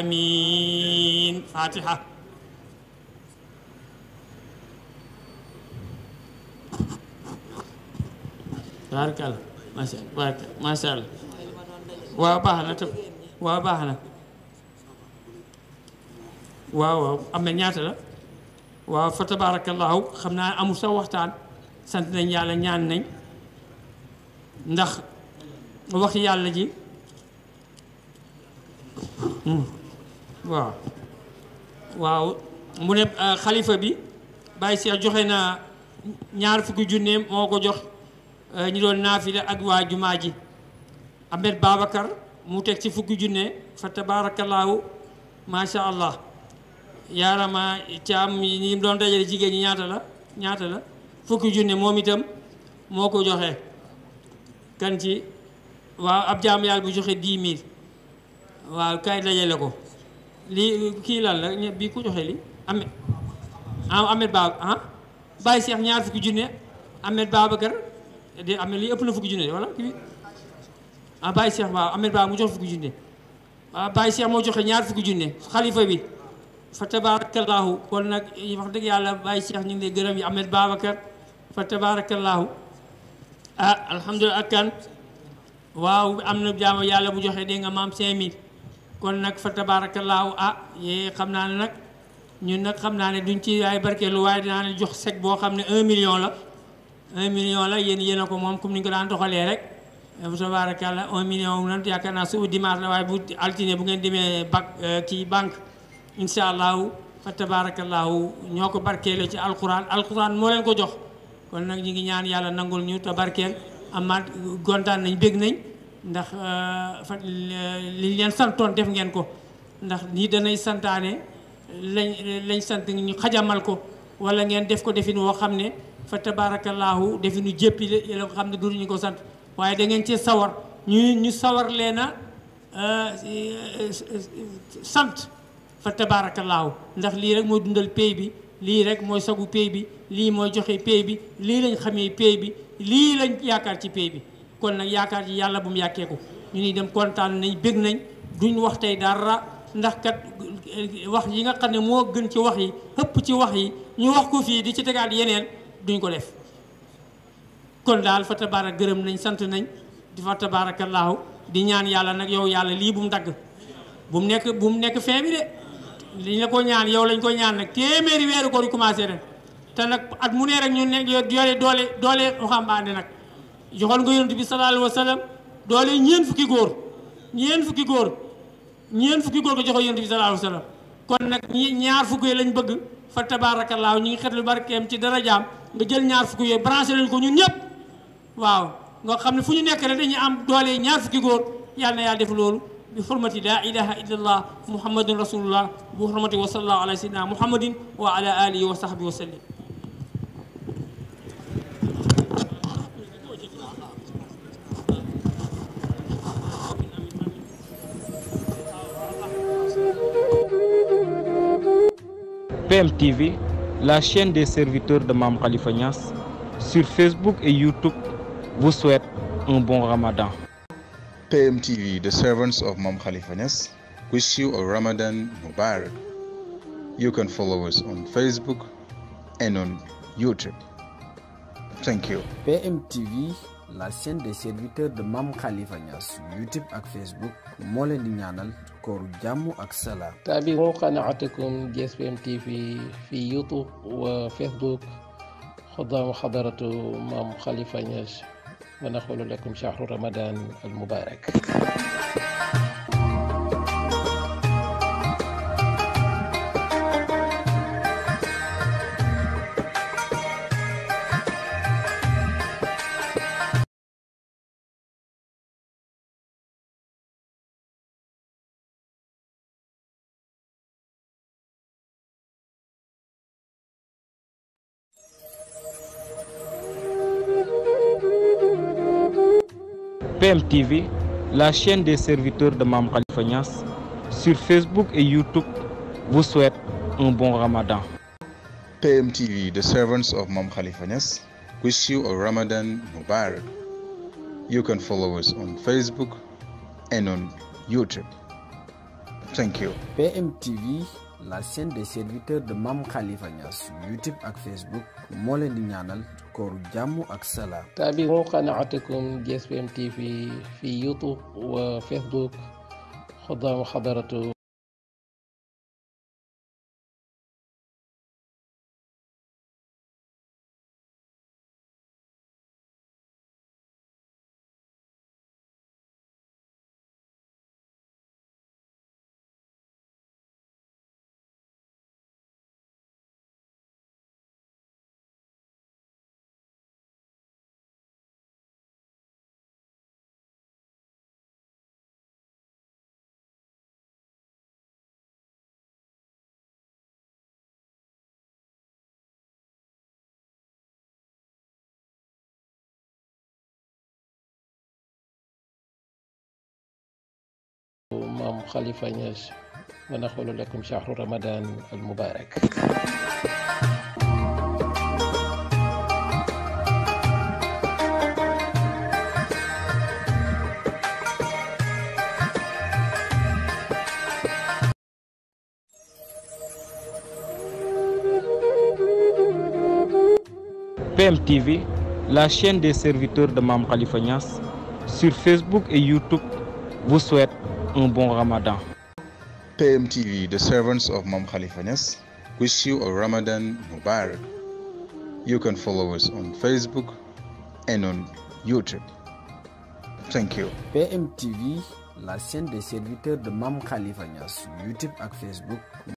آمين فاتحة بارك الله ما شاء الله بارك ما شاء الله واباهنا تب واباهنا واو واو أما نياتا لا waaw fa tabaaraka allahu xam naa amul sa waxtaan sant nañ yàlla ñaan nañ ndax wax yàlla ji waaw mu ne euh, xalifa bi Baye Cheikh joxe na ñaar fukki junne moo ko jox euh, ñu doon naafila ak waa jumaa ji Ahmed Babacar mu teg ci fukki junne fa tabaarakallaahu macha allah yaarama caam ñi doon dajale jigéen ñi ñaata la ñaata la fukki junne moom itam moo ko joxe kan ci waaw ab jaam yàlla bu joxe dix mille waaw kay dajale ko lii kii lan la ñebe bii ku joxe lii Ahmed ah Ahmed ah Baye Cheikh ñaar fukki junne Ahmed Babacar de Ahmed lii ëpp na fukki junne wala kii seex ah, Baye Cheikh waaw mu jox fukki ah, moo joxe ñaar fukki junne xalifa bi fa tabaarakallaahu kon nag wax dëgg yàlla Baye seex ñu ngi lay gërëm yi Ahmed Babacar fa tabaarakallaahu ah alhamdulilah ak waaw am na jaamu yàlla mu joxe dégg nga maam 5000. kon nag fa tabaarakallaahu ah yee xam naa ne nag ñun nag xam naa ne duñ ci ay barkeelu waaye dinaa ne jox chèque boo xam ne un million la un million la yéen yéen a ko moom comme ni ñu ko daan doxalee rek eh, fa tabaarakallaa un million wu nag yaakaar naa suba dimanche la waaye bu altine bu ngeen demee bac eh, kii banque incha allahu fa tabaarakallaahu ñoo ko barkeeloo ci alquran alquran moo leen ko jox kon nag ñu ngi ñaan yàlla nangul ñu te barkeel amaat gontaan nañ bég nañ ndax euh, fa liñ leen santoon def ngeen ko ndax nii danay santaane lañ lañ sant ñu xajamal ko wala ngeen def ko defin woo xam ne fa tabaarakallaahu definu jéppi la nga xam ne duñu ko sant waaye da ngeen cee sawar ñu ñu sawar leen a euh, euh, sant fa tabaarakallaahu ndax lii rek mooy dundal pay bi lii rek mooy sagu pay bi lii mooy joxe pay bi lii lañ xamee pay bi lii lañ yaakaar ci pay bi kon nag yaakaar ci yàlla bu mu yàkkeeku ñu ni dem kontaan nañ bég nañ duñ wax tey dara ndax kat eh, wax yi nga xam ne moo gën ci wax yi ëpp ci wax yi ñu wax ko fii di ci tegaat yeneen duñ ko def kon daal fa tabaara gërëm nañ sant nañ di fa tabaarakallaahu di ñaan yàlla nag yow yàlla lii bu mu dagg bu mu nekk bu mu nekk fin bi de liñ la ko ñaan yow lañ ko ñaan nag téeméeri weeru ko di commencé te nag at mu ne rek ñu ne yore doole doole waxambaane nag joxoon nga yonent bi sallallahu alayhi wa sallam doole ñeen fukki góor ñeen fukki góor ñeen fukki góor ko joxoon yonent bi sallallahu alayhi wa sallam kon nag ñaar fukki yooyu lañu bëgg fa tabaarakallaahu ñu ngi xet lu barkeem ci dara jaam nga jël ñaar fukki yooyu branché lañ ko ñu ñëpp waaw nga xam ne fu ñu nekk rek dañuy am doole ñaar fukki góor yàlla na yàlla def loolu bi xurmati laa ilaha illa allah muhammadun rasulullah bi xurmati wa sallallahu ala sayyidina muhammadin wa ala alihi wa sahbihi wa sallim PMTV, la chaîne des serviteurs de Mam Khalifa sur Facebook et YouTube, vous souhaite un bon Ramadan. PMTV, the servants of Mam Khalifa Nias, wish you a Ramadan Mubarak. You can follow us on Facebook and on YouTube. Thank you. la chaîne des serviteurs de Mam Khalifa Nia sur YouTube et Facebook moo leen di ñaanal kooru jàmm ak salaam tabi'u qanaatakum GSPM TV fi YouTube wa Facebook خضام حضرة مام خليفة نياس ونقول لكم شهر رمضان المبارك PMTV, la chaîne des serviteurs de Mam Khalifa sur Facebook et YouTube, vous souhaite un bon Ramadan. PMTV, the servants of Mam Khalifa Nias, wish you a Ramadan Mubarak. You can follow us on Facebook and on YouTube. Thank you. PMTV la chaîne des serviteurs de Mam Khalifa Niass YouTube ak Facebook moo leen di ñaanal kooru jàmm ak salaam taabi'u qanaatakum GSPM TV fi YouTube wa Facebook xudaamu xadaratu maam Khalifa Niass ramadan al mubarak PMTV, la chaîne des serviteurs de Mam Khalifa sur Facebook et YouTube, vous souhaite un bon Ramadan. PMTV, the servants of Mam Khalifa nes wish you a Ramadan Mubarak. You can follow us on Facebook and on YouTube. Thank you. PMTV, la chaîne des serviteurs de Mam Khalifa YouTube et Facebook.